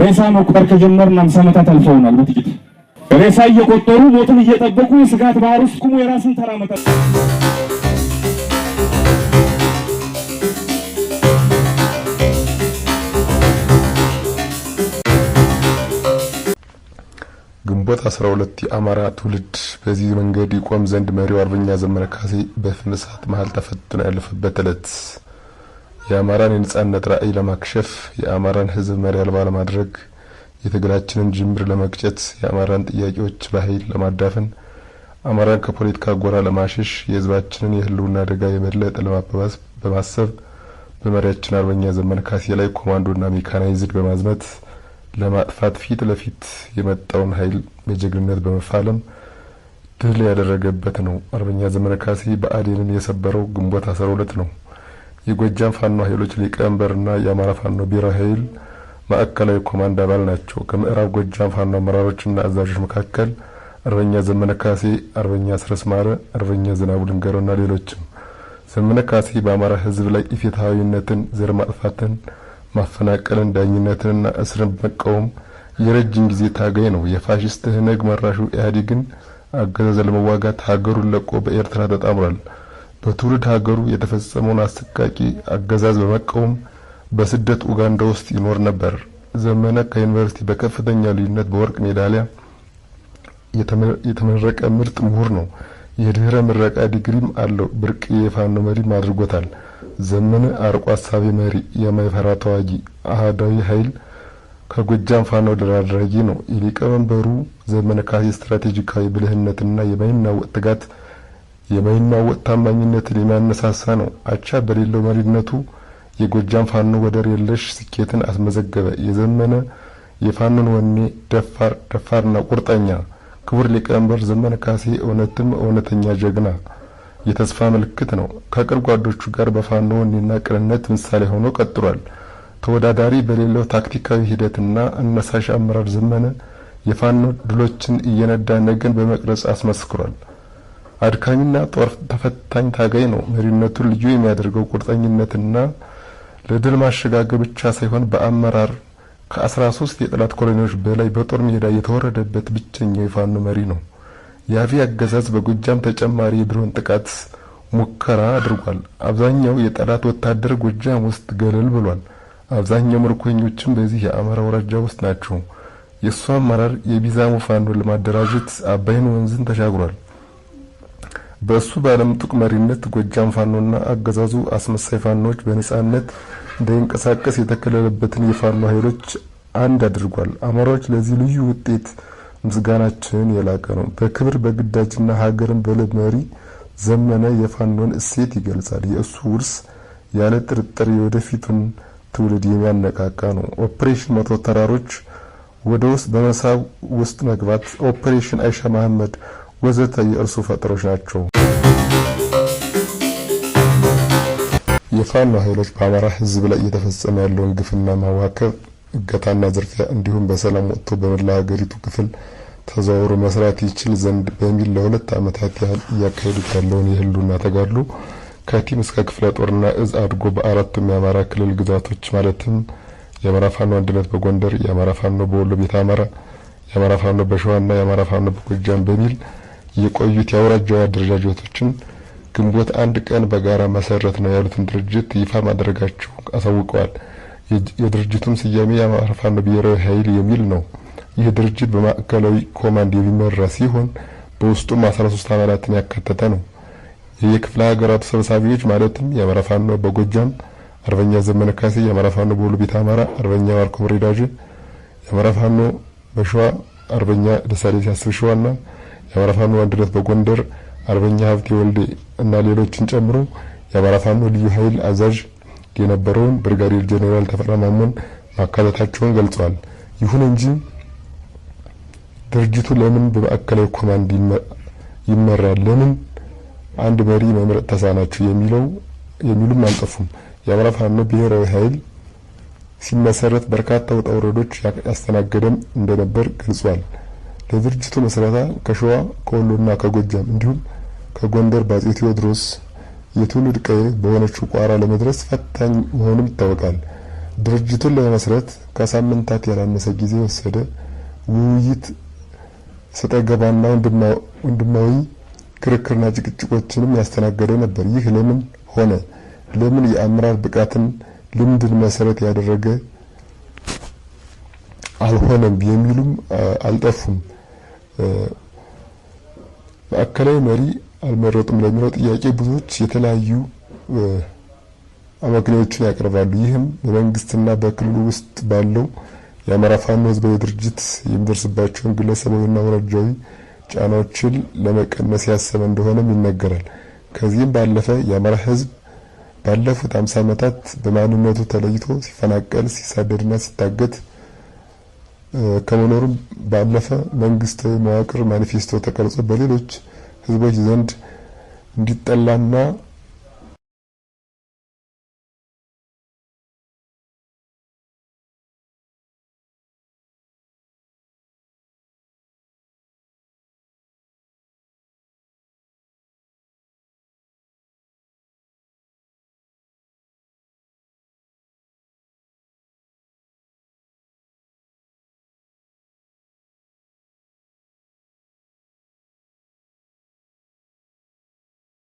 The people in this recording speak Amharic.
ሬሳ መቁጠር ከጀመርን አምሳ ዓመታት አልፈውናል። በጥቂት ሬሳ እየቆጠሩ ሞትን እየጠበቁ ስጋት ባህር ውስጥ ቁሙ የራስን ተራ ግንቦት 12 የአማራ ትውልድ በዚህ መንገድ ይቆም ዘንድ መሪው አርበኛ ዘመነ ካሴ በፍም እሳት መሃል ተፈትኖ ያለፈበት ዕለት የአማራን የነጻነት ራዕይ ለማክሸፍ የአማራን ህዝብ መሪ አልባ ለማድረግ የትግላችንን ጅምር ለመቅጨት የአማራን ጥያቄዎች በኃይል ለማዳፈን አማራን ከፖለቲካ ጎራ ለማሸሽ የህዝባችንን የህልውና አደጋ የበለጠ ለማባባስ በማሰብ በመሪያችን አርበኛ ዘመነ ካሴ ላይ ኮማንዶና ሜካናይዝድ በማዝመት ለማጥፋት ፊት ለፊት የመጣውን ኃይል በጀግንነት በመፋለም ድል ያደረገበት ነው። አርበኛ ዘመነ ካሴ በአዴንን የሰበረው ግንቦት ሁለት ነው። የጎጃም ፋኖ ኃይሎች ሊቀመንበርና የአማራ ፋኖ ብሔራዊ ኃይል ማዕከላዊ ኮማንድ አባል ናቸው። ከምዕራብ ጎጃም ፋኖ አመራሮችና አዛዦች መካከል አርበኛ ዘመነ ካሴ፣ አርበኛ ስረስማረ ማረ፣ አርበኛ ዝናቡ ልንገረውና ሌሎችም። ዘመነ ካሴ በአማራ ሕዝብ ላይ ኢፍትሐዊነትን፣ ዘር ማጥፋትን፣ ማፈናቀልን፣ ዳኝነትንና እስርን በመቃወም የረጅም ጊዜ ታጋይ ነው። የፋሽስት ህነግ መራሹ ኢህአዴግን አገዛዝ ለመዋጋት ሀገሩን ለቆ በኤርትራ ተጣምሯል። በትውልድ ሀገሩ የተፈጸመውን አሰቃቂ አገዛዝ በመቃወም በስደት ኡጋንዳ ውስጥ ይኖር ነበር። ዘመነ ከዩኒቨርሲቲ በከፍተኛ ልዩነት በወርቅ ሜዳሊያ የተመረቀ ምርጥ ምሁር ነው። የድህረ ምረቃ ዲግሪም አለው። ብርቅ የፋኖ መሪም አድርጎታል። ዘመነ አርቆ አሳቢ መሪ፣ የማይፈራ ተዋጊ፣ አህዳዊ ኃይል ከጎጃም ፋኖ ድል አድራጊ ነው። የሊቀመንበሩ ዘመነ ካሴ ስትራቴጂካዊ ብልህነትና የማይናወጥ ትጋት የማይናወጥ ታማኝነትን የሚያነሳሳ ነው። አቻ በሌለው መሪነቱ የጎጃም ፋኖ ወደር የለሽ ስኬትን አስመዘገበ። የዘመነ የፋኖን ወኔ ደፋር ደፋርና ቁርጠኛ ክቡር ሊቀመንበር ዘመነ ካሴ እውነትም እውነተኛ ጀግና የተስፋ ምልክት ነው። ከቅርብ ጓዶቹ ጋር በፋኖ ወኔና ቅንነት ምሳሌ ሆኖ ቀጥሏል። ተወዳዳሪ በሌለው ታክቲካዊ ሂደትና አነሳሽ አመራር ዘመነ የፋኖ ድሎችን እየነዳ ነገን በመቅረጽ አስመስክሯል። አድካሚና ጦር ተፈታኝ ታጋይ ነው። መሪነቱን ልዩ የሚያደርገው ቁርጠኝነትና ለድል ማሸጋገር ብቻ ሳይሆን በአመራር ከ13 የጠላት ኮሎኒዎች በላይ በጦር ሜዳ የተወረደበት ብቸኛው የፋኖ መሪ ነው። የአብይ አገዛዝ በጎጃም ተጨማሪ የድሮን ጥቃት ሙከራ አድርጓል። አብዛኛው የጠላት ወታደር ጎጃም ውስጥ ገለል ብሏል። አብዛኛው ምርኮኞችም በዚህ የአማራ ወረዳ ውስጥ ናቸው። የእሱ አመራር የቢዛሙ ፋኖ ለማደራጀት አባይን ወንዝን ተሻግሯል። በእሱ ባለምጡቅ መሪነት ጎጃም ፋኖና አገዛዙ አስመሳይ ፋኖዎች በነጻነት እንዳይንቀሳቀስ የተከለለበትን የፋኖ ኃይሎች አንድ አድርጓል። አማራዎች ለዚህ ልዩ ውጤት ምስጋናችን የላቀ ነው። በክብር በግዳጅና ሀገርን በልብ መሪ ዘመነ የፋኖን እሴት ይገልጻል። የእሱ ውርስ ያለ ጥርጥር የወደፊቱን ትውልድ የሚያነቃቃ ነው። ኦፕሬሽን መቶ ተራሮች ወደ ውስጥ በመሳብ ውስጥ መግባት ኦፕሬሽን አይሻ መሐመድ ወዘተ የእርሱ ፈጠሮች ናቸው። የፋኖ ኃይሎች በአማራ ህዝብ ላይ እየተፈጸመ ያለውን ግፍና ማዋከብ፣ እገታና ዝርፊያ እንዲሁም በሰላም ወጥቶ በመላ ሀገሪቱ ክፍል ተዘዋውሮ መስራት ይችል ዘንድ በሚል ለሁለት ዓመታት ያህል እያካሄዱት ያለውን የህልውና ተጋድሎ ከቲም እስከ ክፍለ ጦርና እዝ አድጎ በአራቱም የአማራ ክልል ግዛቶች ማለትም የአማራ ፋኖ አንድነት በጎንደር፣ የአማራ ፋኖ በወሎ ቤተ አማራ፣ የአማራ ፋኖ በሸዋና የአማራ ፋኖ በጎጃም በሚል የቆዩት የአውራጃው አደረጃጀቶችን ግንቦት አንድ ቀን በጋራ መሰረት ነው ያሉትን ድርጅት ይፋ ማድረጋቸው አሳውቀዋል። የድርጅቱም ስያሜ የአማራ ፋኖ ብሔራዊ ኃይል የሚል ነው። ይህ ድርጅት በማዕከላዊ ኮማንድ የሚመራ ሲሆን በውስጡም አስራ ሶስት አባላትን ያካተተ ነው። የክፍለ ሀገራቱ ሰብሳቢዎች ማለትም የአማራ ፋኖ በጎጃም አርበኛ ዘመነ ካሴ፣ የአማራ ፋኖ በወሎ ቤት አማራ አርበኛ ማርኮ ብሬዳጅ፣ የአማራ ፋኖ በሸዋ አርበኛ ደሳሌ ሲያስብ ሸዋና የአማራ ፋኖ አንድነት በጎንደር አርበኛ ሀብቴ ወልዴ እና ሌሎችን ጨምሮ የአማራ ፋኖ ልዩ ኃይል አዛዥ የነበረውን ብርጋዴር ጄኔራል ተፈራ ማሞን ማካተታቸውን ገልጸዋል። ይሁን እንጂ ድርጅቱ ለምን በማዕከላዊ ኮማንድ ይመራል? ለምን አንድ መሪ መምረጥ ተሳናችሁ የሚለው የሚሉም አልጠፉም። የአማራ ፋኖ ብሔራዊ ኃይል ሲመሰረት በርካታ ውጣ ውረዶች ያስተናገደም እንደነበር ገልጿል። ለድርጅቱ መሰረታ ከሸዋ ከወሎና ከጎጃም እንዲሁም ከጎንደር በአጼ ቴዎድሮስ የትውልድ ቀይ በሆነችው ቋራ ለመድረስ ፈታኝ መሆኑም ይታወቃል። ድርጅቱን ለመመስረት ከሳምንታት ያላነሰ ጊዜ የወሰደ ውይይት ሰጠገባና ወንድማዊ ክርክርና ጭቅጭቆችንም ያስተናገደ ነበር። ይህ ለምን ሆነ? ለምን የአመራር ብቃትን ልምድን መሰረት ያደረገ አልሆነም የሚሉም አልጠፉም። ማዕከላዊ መሪ አልመረጡም ለሚለው ጥያቄ ብዙዎች የተለያዩ አመክንዮዎችን ያቀርባሉ። ይህም በመንግስትና በክልሉ ውስጥ ባለው የአማራ ፋኖ ህዝባዊ ድርጅት የሚደርስባቸውን ግለሰባዊና ወረጃዊ ጫናዎችን ለመቀነስ ያሰበ እንደሆነም ይነገራል። ከዚህም ባለፈ የአማራ ህዝብ ባለፉት 50 ዓመታት በማንነቱ ተለይቶ ሲፈናቀል፣ ሲሳደድና ሲታገት ከመኖሩም ባለፈ መንግስት መዋቅር ማኒፌስቶ ተቀርጾ በሌሎች ህዝቦች ዘንድ እንዲጠላና